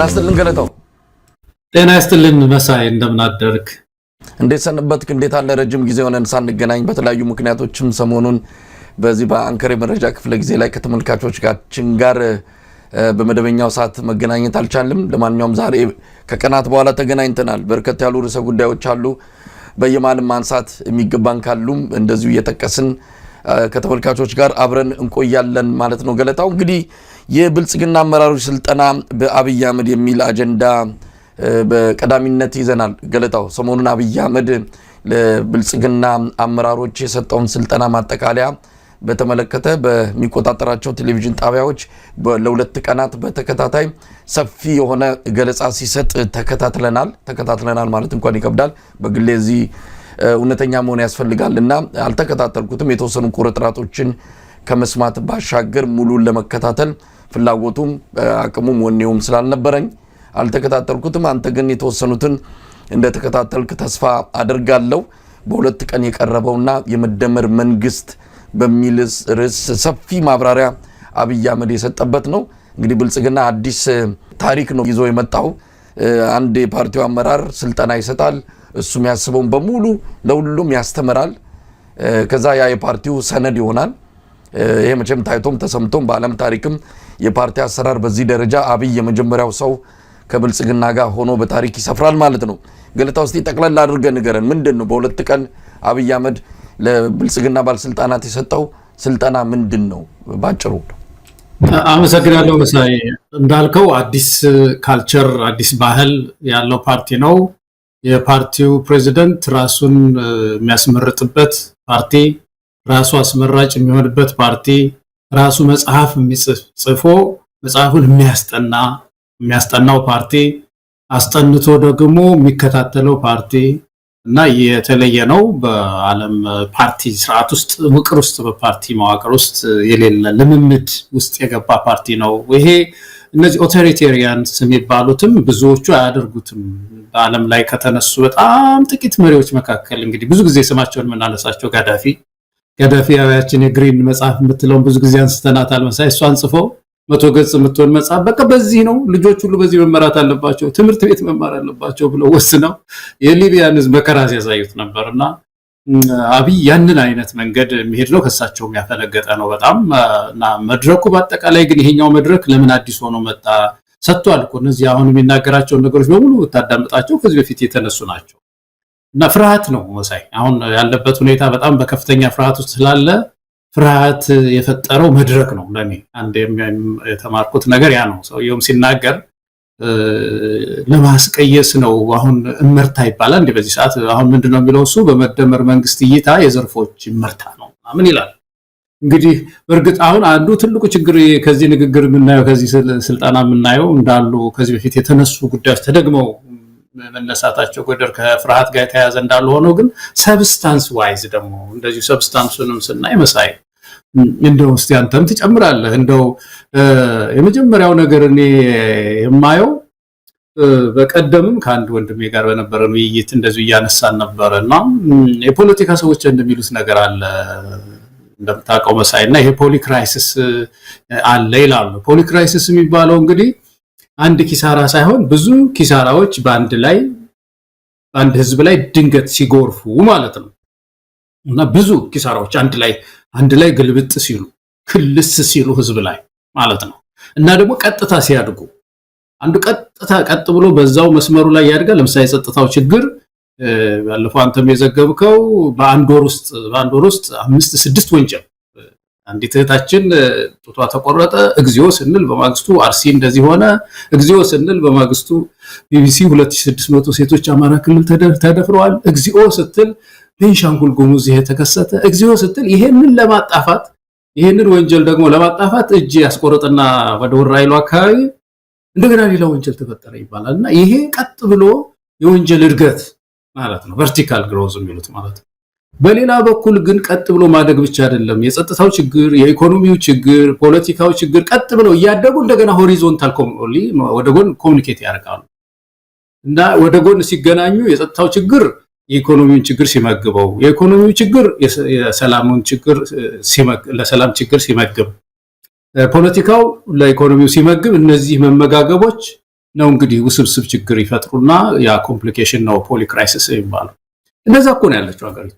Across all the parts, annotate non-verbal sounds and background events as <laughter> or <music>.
ናስትልን ገለጠው ጤና ይስጥልን መሳይ፣ እንደምን አደርክ? እንዴት ሰንበትክ? እንዴት አለ? ረጅም ጊዜ ሆነን ሳንገናኝ በተለያዩ ምክንያቶችም ሰሞኑን በዚህ በአንከር የመረጃ ክፍለ ጊዜ ላይ ከተመልካቾቻችን ጋር በመደበኛው ሰዓት መገናኘት አልቻልም። ለማንኛውም ዛሬ ከቀናት በኋላ ተገናኝተናል። በርከት ያሉ ርዕሰ ጉዳዮች አሉ። በየማልም ማንሳት የሚገባን ካሉም እንደዚሁ እየጠቀስን ከተመልካቾች ጋር አብረን እንቆያለን ማለት ነው። ገለጣው እንግዲህ የብልጽግና አመራሮች ስልጠና በአብይ አህመድ የሚል አጀንዳ በቀዳሚነት ይዘናል። ገለጣው ሰሞኑን አብይ አህመድ ለብልጽግና አመራሮች የሰጠውን ስልጠና ማጠቃለያ በተመለከተ በሚቆጣጠራቸው ቴሌቪዥን ጣቢያዎች ለሁለት ቀናት በተከታታይ ሰፊ የሆነ ገለጻ ሲሰጥ ተከታትለናል ተከታትለናል ማለት እንኳን ይከብዳል። በግሌ እዚህ እውነተኛ መሆን ያስፈልጋል እና አልተከታተልኩትም የተወሰኑ ቁርጥራጦችን። ከመስማት ባሻገር ሙሉን ለመከታተል ፍላጎቱም አቅሙም ወኔውም ስላልነበረኝ አልተከታተልኩትም። አንተ ግን የተወሰኑትን እንደተከታተልክ ተስፋ አድርጋለሁ። በሁለት ቀን የቀረበውና የመደመር መንግስት በሚል ርዕስ ሰፊ ማብራሪያ አብይ አህመድ የሰጠበት ነው። እንግዲህ ብልጽግና አዲስ ታሪክ ነው ይዞ የመጣው። አንድ የፓርቲው አመራር ስልጠና ይሰጣል፣ እሱ ያስበውን በሙሉ ለሁሉም ያስተምራል። ከዛ ያ የፓርቲው ሰነድ ይሆናል። ይሄ መቼም ታይቶም ተሰምቶም በዓለም ታሪክም የፓርቲ አሰራር በዚህ ደረጃ አብይ የመጀመሪያው ሰው ከብልጽግና ጋር ሆኖ በታሪክ ይሰፍራል ማለት ነው። ገለታ ውስጥ ጠቅላላ አድርገን ንገረን፣ ምንድን ነው በሁለት ቀን አብይ አህመድ ለብልጽግና ባለስልጣናት የሰጠው ስልጠና ምንድን ነው ባጭሩ? አመሰግናለሁ መሳይ። እንዳልከው አዲስ ካልቸር አዲስ ባህል ያለው ፓርቲ ነው። የፓርቲው ፕሬዚደንት ራሱን የሚያስመርጥበት ፓርቲ ራሱ አስመራጭ የሚሆንበት ፓርቲ ራሱ መጽሐፍ ጽፎ መጽሐፉን የሚያስጠና የሚያስጠናው ፓርቲ አስጠንቶ ደግሞ የሚከታተለው ፓርቲ እና የተለየ ነው። በዓለም ፓርቲ ስርዓት ውስጥ ውቅር ውስጥ በፓርቲ መዋቅር ውስጥ የሌለ ልምምድ ውስጥ የገባ ፓርቲ ነው። ይሄ እነዚህ ኦቶሪቴሪያንስ የሚባሉትም ብዙዎቹ አያደርጉትም። በዓለም ላይ ከተነሱ በጣም ጥቂት መሪዎች መካከል እንግዲህ ብዙ ጊዜ ስማቸውን የምናነሳቸው ጋዳፊ ቀዳፊያዊያችን የግሪን መጽሐፍ የምትለውን ብዙ ጊዜ አንስተናታል መሳይ። እሷን ጽፎ መቶ ገጽ የምትሆን መጽሐፍ በቃ በዚህ ነው ልጆች ሁሉ በዚህ መመራት አለባቸው፣ ትምህርት ቤት መማር አለባቸው ብለው ወስነው የሊቢያን ሕዝብ መከራ ሲያሳዩት ነበር እና አብይ ያንን አይነት መንገድ የሚሄድ ነው፣ ከሳቸውም ያፈነገጠ ነው በጣም እና መድረኩ በአጠቃላይ ግን ይሄኛው መድረክ ለምን አዲስ ሆኖ መጣ ሰጥቷል እኮ እነዚህ አሁን የሚናገራቸውን ነገሮች በሙሉ ብታዳምጣቸው ከዚህ በፊት የተነሱ ናቸው። እና ፍርሃት ነው መሳይ አሁን ያለበት ሁኔታ በጣም በከፍተኛ ፍርሃት ውስጥ ስላለ ፍርሃት የፈጠረው መድረክ ነው። ለኔ አንድ የተማርኩት ነገር ያ ነው። ሰውየውም ሲናገር ለማስቀየስ ነው። አሁን እመርታ ይባላል እንዲህ በዚህ ሰዓት አሁን ምንድን ነው የሚለው እሱ በመደመር መንግስት እይታ የዘርፎች እመርታ ነው ምን ይላል እንግዲህ። በእርግጥ አሁን አንዱ ትልቁ ችግር ከዚህ ንግግር የምናየው ከዚህ ስልጠና የምናየው እንዳሉ ከዚህ በፊት የተነሱ ጉዳዮች ተደግመው መነሳታቸው ጎደር ከፍርሃት ጋር የተያያዘ እንዳለ ሆኖ ግን ሰብስታንስ ዋይዝ ደግሞ እንደዚሁ ሰብስታንሱንም ስናይ መሳይ እንደው እስቲ አንተም ትጨምራለህ። እንደው የመጀመሪያው ነገር እኔ የማየው በቀደምም ከአንድ ወንድሜ ጋር በነበረን ውይይት እንደዚሁ እያነሳን ነበር እና የፖለቲካ ሰዎች እንደሚሉት ነገር አለ እንደምታውቀው መሳይ እና ይሄ ፖሊ ክራይሲስ አለ ይላሉ። ፖሊ ክራይሲስ የሚባለው እንግዲህ አንድ ኪሳራ ሳይሆን ብዙ ኪሳራዎች በአንድ ላይ በአንድ ህዝብ ላይ ድንገት ሲጎርፉ ማለት ነው እና ብዙ ኪሳራዎች አንድ ላይ አንድ ላይ ግልብጥ ሲሉ ክልስ ሲሉ ህዝብ ላይ ማለት ነው እና ደግሞ ቀጥታ ሲያድጉ አንዱ ቀጥታ ቀጥ ብሎ በዛው መስመሩ ላይ ያድጋል። ለምሳሌ የጸጥታው ችግር ባለፈው አንተም የዘገብከው በአንድ ወር ውስጥ በአንድ ወር ውስጥ አምስት ስድስት ወንጀል አንዲት እህታችን ጡቷ ተቆረጠ፣ እግዚኦ ስንል በማግስቱ አርሲ እንደዚህ ሆነ፣ እግዚኦ ስንል በማግስቱ ቢቢሲ 2600 ሴቶች አማራ ክልል ተደፍረዋል፣ እግዚኦ ስትል ቤንሻንጉል ጉሙዝ ይሄ ተከሰተ፣ እግዚኦ ስትል ይሄንን ለማጣፋት ይሄንን ወንጀል ደግሞ ለማጣፋት እጅ ያስቆረጥና ወደ ወራይሉ አካባቢ እንደገና ሌላ ወንጀል ተፈጠረ ይባላል እና ይሄ ቀጥ ብሎ የወንጀል እድገት ማለት ነው። ቨርቲካል ግሮዝ የሚሉት ማለት ነው። በሌላ በኩል ግን ቀጥ ብሎ ማደግ ብቻ አይደለም። የጸጥታው ችግር፣ የኢኮኖሚው ችግር፣ ፖለቲካው ችግር ቀጥ ብለው እያደጉ እንደገና ሆሪዞንታል ወደ ጎን ኮሚኒኬት ያደርጋሉ እና ወደ ጎን ሲገናኙ የጸጥታው ችግር የኢኮኖሚውን ችግር ሲመግበው፣ የኢኮኖሚው ችግር የሰላሙን ችግር ለሰላም ችግር ሲመግብ፣ ፖለቲካው ለኢኮኖሚው ሲመግብ፣ እነዚህ መመጋገቦች ነው እንግዲህ ውስብስብ ችግር ይፈጥሩና ያ ኮምፕሊኬሽን ነው ፖሊ ክራይሲስ የሚባለው። እንደዛ እኮ ነው ያለችው ሀገሪቱ።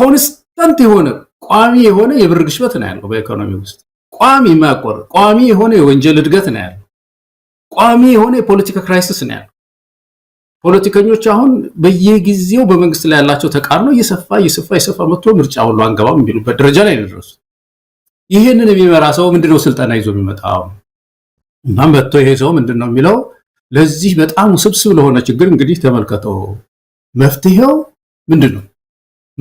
ኮንስታንት የሆነ ቋሚ የሆነ የብር ግሽበት ነው ያለው በኢኮኖሚ ውስጥ ቋሚ የማያቋርጥ ቋሚ የሆነ የወንጀል እድገት ነው ያለው። ቋሚ የሆነ የፖለቲካ ክራይሲስ ነው ያለው። ፖለቲከኞች አሁን በየጊዜው በመንግስት ላይ ያላቸው ተቃርኖ እየሰፋ እየሰፋ እየሰፋ መጥቶ ምርጫ ሁሉ አንገባም የሚሉበት ደረጃ ላይ ነው ይህንን የሚመራ ሰው ምንድነው ስልጠና ይዞ የሚመጣው? እናም መጥቶ ይሄ ሰው ምንድነው የሚለው ለዚህ በጣም ውስብስብ ለሆነ ችግር እንግዲህ ተመልከተው መፍትሄው ምንድን ነው?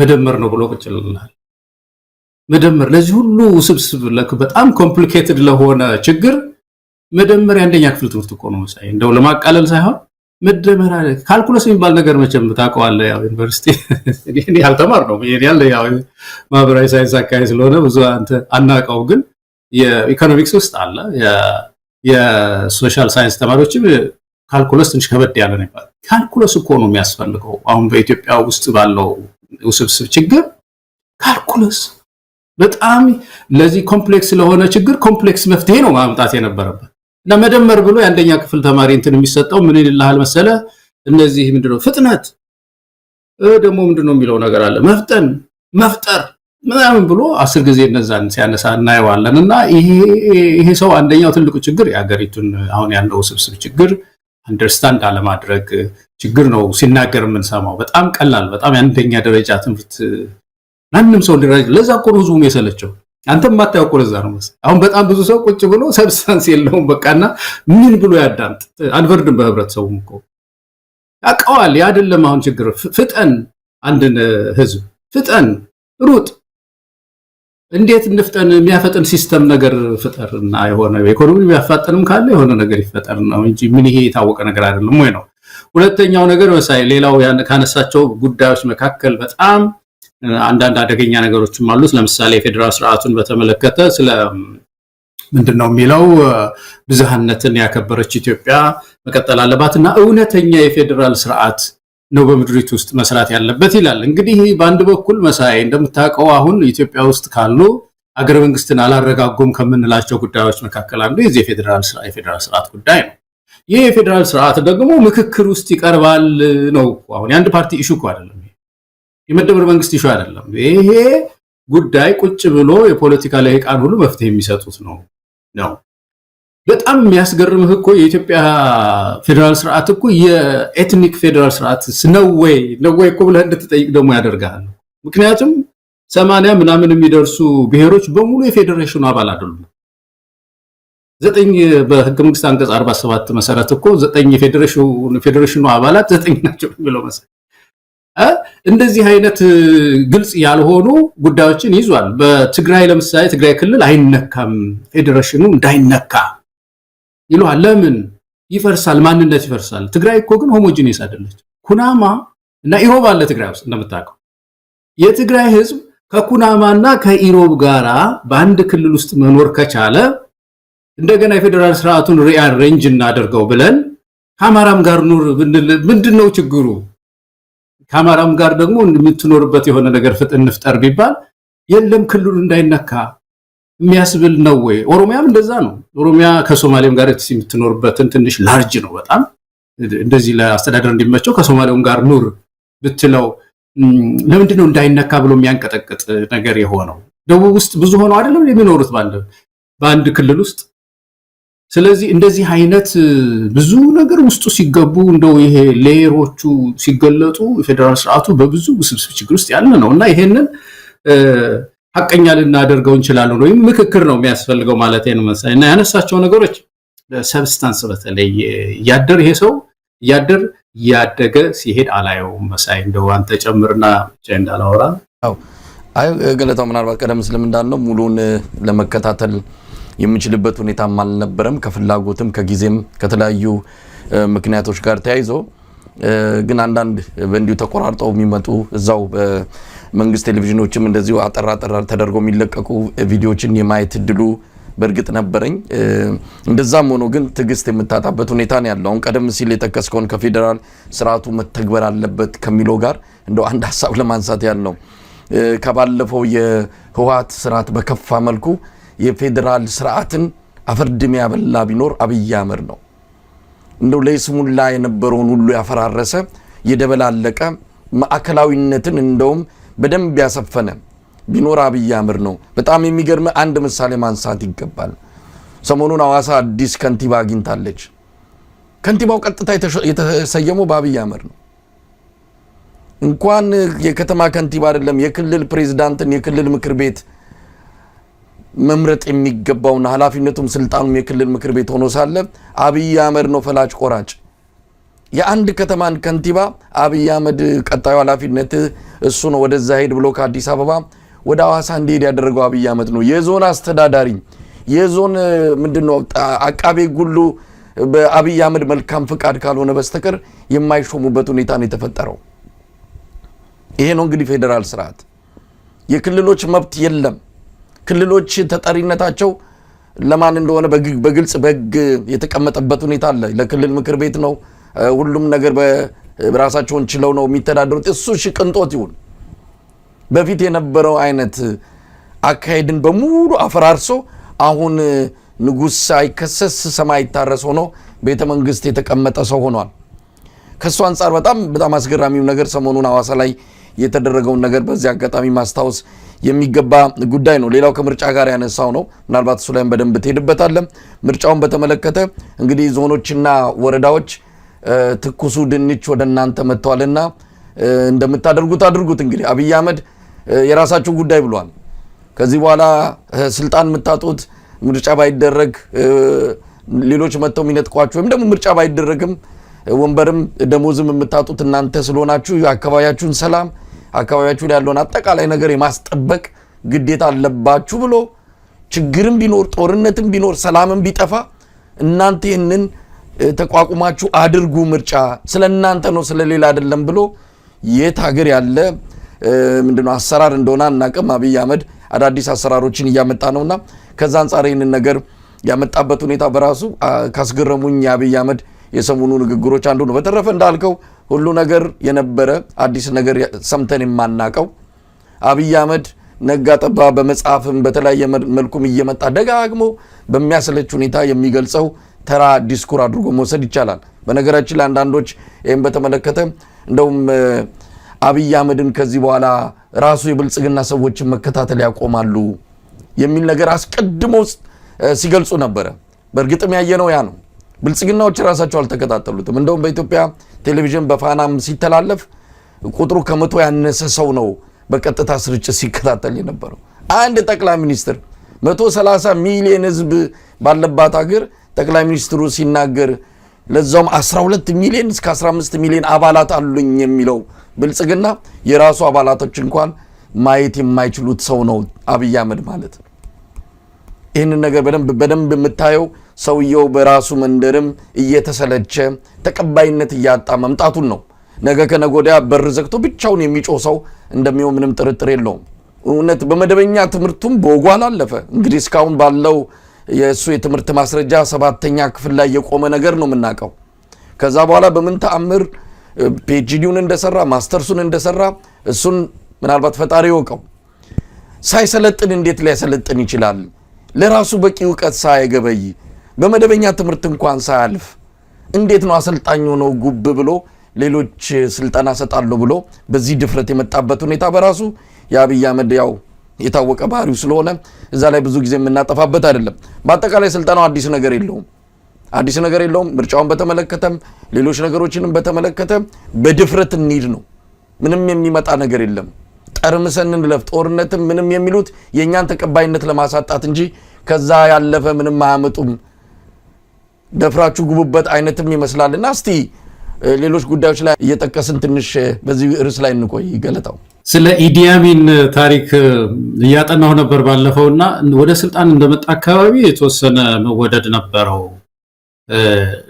መደመር ነው ብሎ ቁጭ ይልልሃል። መደመር ለዚህ ሁሉ ውስብስብ ለክ በጣም ኮምፕሊኬትድ ለሆነ ችግር መደመር የአንደኛ ክፍል ትምህርት እኮ ነው። መሳይ እንደው ለማቃለል ሳይሆን መደመር አለ ካልኩለስ የሚባል ነገር መቼም ታውቀዋለህ። ያው ዩኒቨርሲቲ <laughs> እኔ አልተማርነውም ያለ ያው ማህበራዊ ሳይንስ አካባቢ ስለሆነ ብዙ አንተ አናውቀው፣ ግን የኢኮኖሚክስ ውስጥ አለ። የሶሻል ሳይንስ ተማሪዎችም ካልኩለስ ትንሽ ከበድ ያለ ነው ይባላል። ካልኩለስ እኮ ነው የሚያስፈልገው አሁን በኢትዮጵያ ውስጥ ባለው ውስብስብ ችግር ካልኩለስ በጣም ለዚህ ኮምፕሌክስ ለሆነ ችግር ኮምፕሌክስ መፍትሄ ነው ማምጣት የነበረበት እና መደመር ብሎ የአንደኛ ክፍል ተማሪ እንትን የሚሰጠው ምን ይልሃል መሰለ እነዚህ ምንድነው ፍጥነት ደግሞ ምንድነው የሚለው ነገር አለ መፍጠን መፍጠር ምናምን ብሎ አስር ጊዜ እነዛን ሲያነሳ እናየዋለን። እና ይሄ ሰው አንደኛው ትልቁ ችግር የሀገሪቱን አሁን ያለው ውስብስብ ችግር አንደርስታንድ አለማድረግ ችግር ነው ሲናገር የምንሰማው። በጣም ቀላል፣ በጣም የአንደኛ ደረጃ ትምህርት ማንም ሰው ሊረጅ። ለዛ እኮ ነው ህዝቡም የሰለቸው። አንተ የማታውቁ ለዛ ነው መሰለኝ። አሁን በጣም ብዙ ሰው ቁጭ ብሎ ሰብስታንስ የለውም በቃና ምን ብሎ ያዳምጥ። አልበርድም በህብረተሰቡ እኮ ያውቀዋል። ያ አሁን ችግር። ፍጠን፣ አንድን ህዝብ ፍጠን፣ ሩጥ እንዴት እንፍጠን? የሚያፈጥን ሲስተም ነገር ፍጠርና የሆነ ኢኮኖሚ የሚያፋጠንም ካለ የሆነ ነገር ይፈጠር ነው እንጂ ምን ይሄ የታወቀ ነገር አይደለም ወይ ነው። ሁለተኛው ነገር መሳይ፣ ሌላው ካነሳቸው ጉዳዮች መካከል በጣም አንዳንድ አደገኛ ነገሮችም አሉት። ለምሳሌ የፌዴራል ስርዓቱን በተመለከተ ስለ ምንድን ነው የሚለው ብዝሃነትን ያከበረች ኢትዮጵያ መቀጠል አለባት እና እውነተኛ የፌዴራል ስርዓት ነው በምድሪቱ ውስጥ መስራት ያለበት ይላል። እንግዲህ በአንድ በኩል መሳይ እንደምታውቀው አሁን ኢትዮጵያ ውስጥ ካሉ ሀገረ መንግስትን አላረጋጉም ከምንላቸው ጉዳዮች መካከል አንዱ የዚህ የፌዴራል ስርዓት ጉዳይ ነው። ይህ የፌዴራል ስርዓት ደግሞ ምክክር ውስጥ ይቀርባል ነው። አሁን የአንድ ፓርቲ ኢሹ እኮ አይደለም፣ የመደመር መንግስት ኢሹ አይደለም። ይሄ ጉዳይ ቁጭ ብሎ የፖለቲካ ልሂቃን ሁሉ መፍትሄ የሚሰጡት ነው ነው በጣም የሚያስገርምህ እኮ የኢትዮጵያ ፌዴራል ስርዓት እኮ የኤትኒክ ፌዴራል ስርዓት ነወይ ነወይ እኮ ብለህ እንድትጠይቅ ደግሞ ያደርግሃል። ምክንያቱም ሰማንያ ምናምን የሚደርሱ ብሔሮች በሙሉ የፌዴሬሽኑ አባል አይደሉም። ዘጠኝ በህገ መንግስት አንቀጽ 47 መሰረት እኮ ዘጠኝ የፌዴሬሽኑ አባላት ዘጠኝ ናቸው የሚለው መሰረት እንደዚህ አይነት ግልጽ ያልሆኑ ጉዳዮችን ይዟል። በትግራይ ለምሳሌ ትግራይ ክልል አይነካም ፌዴሬሽኑ እንዳይነካ ይለዋል። ለምን ይፈርሳል? ማንነት ይፈርሳል። ትግራይ እኮ ግን ሆሞጂኒስ አይደለች። ኩናማ እና ኢሮብ አለ ትግራይ ውስጥ እንደምታውቀው። የትግራይ ህዝብ ከኩናማና ከኢሮብ ጋራ በአንድ ክልል ውስጥ መኖር ከቻለ እንደገና የፌዴራል ስርዓቱን ሪአሬንጅ እናደርገው ብለን ከአማራም ጋር ኑር ምንድን ነው ችግሩ? ከአማራም ጋር ደግሞ የምትኖርበት የሆነ ነገር ፍጥ እንፍጠር ቢባል የለም ክልሉ እንዳይነካ የሚያስብል ነው ወይ? ኦሮሚያም እንደዛ ነው። ኦሮሚያ ከሶማሌም ጋር የምትኖርበትን ትንሽ ላርጅ ነው በጣም እንደዚህ ለአስተዳደር እንዲመቸው ከሶማሌውም ጋር ኑር ብትለው ለምንድን ነው እንዳይነካ ብሎ የሚያንቀጠቅጥ ነገር የሆነው? ደቡብ ውስጥ ብዙ ሆነው አይደለም የሚኖሩት በአንድ ክልል ውስጥ። ስለዚህ እንደዚህ አይነት ብዙ ነገር ውስጡ ሲገቡ እንደው ይሄ ሌየሮቹ ሲገለጡ የፌዴራል ስርዓቱ በብዙ ውስብስብ ችግር ውስጥ ያለ ነው እና ይሄንን ሀቀኛ ልናደርገው እንችላለን ወይም ምክክር ነው የሚያስፈልገው ማለት ነው መሰለኝ። እና ያነሳቸው ነገሮች ሰብስታንስ በተለይ እያደር ይሄ ሰው እያደር እያደገ ሲሄድ አላየውም መሳይ እንደው አንተ ጨምርና ብቻ እንዳላወራ አይ ገለታው ምናልባት ቀደም ስልም እንዳልነው ሙሉን ለመከታተል የምችልበት ሁኔታም አልነበረም። ከፍላጎትም ከጊዜም ከተለያዩ ምክንያቶች ጋር ተያይዞ ግን አንዳንድ በእንዲሁ ተቆራርጠው የሚመጡ እዛው በመንግስት ቴሌቪዥኖችም እንደዚሁ አጠር አጠር ተደርገው የሚለቀቁ ቪዲዮዎችን የማየት እድሉ በእርግጥ ነበረኝ። እንደዛም ሆኖ ግን ትዕግስት የምታጣበት ሁኔታ ነው ያለው። አሁን ቀደም ሲል የጠቀስከውን ከፌዴራል ስርዓቱ መተግበር አለበት ከሚለው ጋር እንደው አንድ ሀሳብ ለማንሳት ያለው ከባለፈው የህወሓት ስርዓት በከፋ መልኩ የፌዴራል ስርዓትን አፈርድሜ ያበላ ቢኖር አብይ አህመድ ነው። እንደው ለይስሙላ የነበረውን ሁሉ ያፈራረሰ የደበላለቀ ማዕከላዊነትን እንደውም በደንብ ያሰፈነ ቢኖር አብይ አህመድ ነው። በጣም የሚገርም አንድ ምሳሌ ማንሳት ይገባል። ሰሞኑን አዋሳ አዲስ ከንቲባ አግኝታለች። ከንቲባው ቀጥታ የተሰየመው በአብይ አህመድ ነው። እንኳን የከተማ ከንቲባ አይደለም የክልል ፕሬዚዳንትን የክልል ምክር ቤት መምረጥ የሚገባውና ኃላፊነቱም ስልጣኑም የክልል ምክር ቤት ሆኖ ሳለ አብይ አህመድ ነው ፈላጭ ቆራጭ። የአንድ ከተማን ከንቲባ አብይ አህመድ ቀጣዩ ኃላፊነት እሱ ነው፣ ወደዛ ሄድ ብሎ ከአዲስ አበባ ወደ አዋሳ እንዲሄድ ያደረገው አብይ አህመድ ነው። የዞን አስተዳዳሪ የዞን ምንድን ነው አቃቤ ጉሉ በአብይ አህመድ መልካም ፍቃድ ካልሆነ በስተቀር የማይሾሙበት ሁኔታ ነው የተፈጠረው። ይሄ ነው እንግዲህ ፌዴራል ስርዓት። የክልሎች መብት የለም። ክልሎች ተጠሪነታቸው ለማን እንደሆነ በግልጽ በግ የተቀመጠበት ሁኔታ አለ። ለክልል ምክር ቤት ነው። ሁሉም ነገር ራሳቸውን ችለው ነው የሚተዳደሩት። እሱ እሺ ቅንጦት ይሁን፣ በፊት የነበረው አይነት አካሄድን በሙሉ አፈራርሶ አሁን ንጉሥ ሳይከሰስ ሰማይ ይታረስ ሆኖ ቤተ መንግስት የተቀመጠ ሰው ሆኗል። ከእሱ አንጻር በጣም በጣም አስገራሚው ነገር ሰሞኑን አዋሳ ላይ የተደረገውን ነገር በዚህ አጋጣሚ ማስታወስ የሚገባ ጉዳይ ነው። ሌላው ከምርጫ ጋር ያነሳው ነው። ምናልባት እሱ ላይም በደንብ ትሄድበታለን። ምርጫውን በተመለከተ እንግዲህ ዞኖችና ወረዳዎች ትኩሱ ድንች ወደ እናንተ መጥተዋልና እንደምታደርጉት አድርጉት። እንግዲህ አብይ አህመድ የራሳችሁ ጉዳይ ብሏል። ከዚህ በኋላ ስልጣን የምታጡት ምርጫ ባይደረግ ሌሎች መጥተው የሚነጥቋችሁ ወይም ደግሞ ምርጫ ባይደረግም ወንበርም ደሞዝም የምታጡት እናንተ ስለሆናችሁ የአካባቢያችሁን ሰላም አካባቢያችሁ ላይ ያለውን አጠቃላይ ነገር የማስጠበቅ ግዴታ አለባችሁ ብሎ ችግርም ቢኖር ጦርነትም ቢኖር ሰላምም ቢጠፋ እናንተ ይህንን ተቋቁማችሁ አድርጉ። ምርጫ ስለ እናንተ ነው ስለሌላ አይደለም ብሎ የት ሀገር ያለ ምንድነው አሰራር እንደሆነ አናቅም። አብይ አህመድ አዳዲስ አሰራሮችን እያመጣ ነውና ከዛ አንጻር ይህንን ነገር ያመጣበት ሁኔታ በራሱ ካስገረሙኝ የአብይ አህመድ የሰሞኑ ንግግሮች አንዱ ነው። በተረፈ እንዳልከው ሁሉ ነገር የነበረ አዲስ ነገር ሰምተን የማናቀው አብይ አህመድ ነጋ ጠባ በመጽሐፍም በተለያየ መልኩም እየመጣ ደጋግሞ በሚያስለች ሁኔታ የሚገልጸው ተራ ዲስኩር አድርጎ መውሰድ ይቻላል። በነገራችን ለአንዳንዶች ይህም በተመለከተ እንደውም አብይ አህመድን ከዚህ በኋላ ራሱ የብልጽግና ሰዎችን መከታተል ያቆማሉ የሚል ነገር አስቀድሞ ሲገልጹ ነበረ። በእርግጥም ያየነው ያ ነው። ብልጽግናዎች ራሳቸው አልተከታተሉትም። እንደውም በኢትዮጵያ ቴሌቪዥን በፋናም ሲተላለፍ ቁጥሩ ከመቶ ያነሰ ሰው ነው በቀጥታ ስርጭት ሲከታተል የነበረው። አንድ ጠቅላይ ሚኒስትር መቶ 30 ሚሊዮን ህዝብ ባለባት ሀገር ጠቅላይ ሚኒስትሩ ሲናገር ለዛውም 12 ሚሊዮን እስከ 15 ሚሊዮን አባላት አሉኝ የሚለው ብልጽግና የራሱ አባላቶች እንኳን ማየት የማይችሉት ሰው ነው አብይ አህመድ ማለት። ይህንን ነገር በደንብ በደንብ የምታየው ሰውየው በራሱ መንደርም እየተሰለቸ ተቀባይነት እያጣ መምጣቱን ነው። ነገ ከነጎዳያ በር ዘግቶ ብቻውን የሚጮህ ሰው እንደሚሆን ምንም ጥርጥር የለውም። እውነት በመደበኛ ትምህርቱም በወጉ አላለፈ። እንግዲህ እስካሁን ባለው የእሱ የትምህርት ማስረጃ ሰባተኛ ክፍል ላይ የቆመ ነገር ነው የምናውቀው። ከዛ በኋላ በምን ተአምር ፒኤችዲውን እንደሰራ ማስተርሱን እንደሰራ እሱን ምናልባት ፈጣሪ ይወቀው። ሳይሰለጥን እንዴት ሊያሰለጥን ይችላል? ለራሱ በቂ እውቀት ሳይገበይ በመደበኛ ትምህርት እንኳን ሳያልፍ እንዴት ነው አሰልጣኝ ሆኖ ጉብ ብሎ ሌሎች ስልጠና ሰጣለሁ ብሎ በዚህ ድፍረት የመጣበት ሁኔታ በራሱ የአብይ አህመድ ያው የታወቀ ባህሪው ስለሆነ እዛ ላይ ብዙ ጊዜ የምናጠፋበት አይደለም። በአጠቃላይ ስልጠናው አዲስ ነገር የለውም፣ አዲስ ነገር የለውም። ምርጫውን በተመለከተም ሌሎች ነገሮችንም በተመለከተ በድፍረት እንሂድ ነው። ምንም የሚመጣ ነገር የለም። ጠርምሰን እንለፍ፣ ጦርነትም ምንም የሚሉት የእኛን ተቀባይነት ለማሳጣት እንጂ ከዛ ያለፈ ምንም አያመጡም፣ ደፍራችሁ ግቡበት አይነትም ይመስላል እና እስቲ ሌሎች ጉዳዮች ላይ እየጠቀስን ትንሽ በዚህ ርዕስ ላይ እንቆይ። ገለጣው ስለ ኢዲያሚን ታሪክ እያጠናሁ ነበር ባለፈው እና ወደ ስልጣን እንደመጣ አካባቢ የተወሰነ መወደድ ነበረው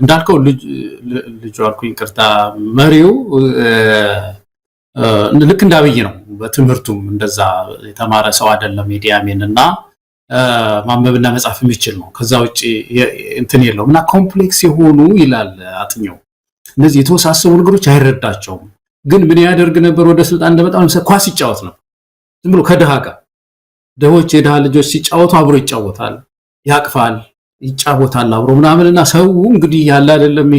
እንዳልከው ልጁ አልኩኝ፣ ቅርታ መሪው ልክ እንደ አብይ ነው። በትምህርቱም እንደዛ የተማረ ሰው አይደለም ኢዲ እና ማንበብና መጻፍ የሚችል ነው። ከዛ ውጭ እንትን የለውም እና ኮምፕሌክስ የሆኑ ይላል አጥኚው እነዚህ የተወሳሰቡ ነገሮች አይረዳቸውም። ግን ምን ያደርግ ነበር? ወደ ስልጣን እንደመጣ ለምሳሌ ኳስ ይጫወት ነበር። ዝም ብሎ ከድሃ ጋር ደሆች የድሃ ልጆች ሲጫወቱ አብሮ ይጫወታል፣ ያቅፋል፣ ይጫወታል አብሮ ምናምን እና ሰው እንግዲህ ያለ አይደለም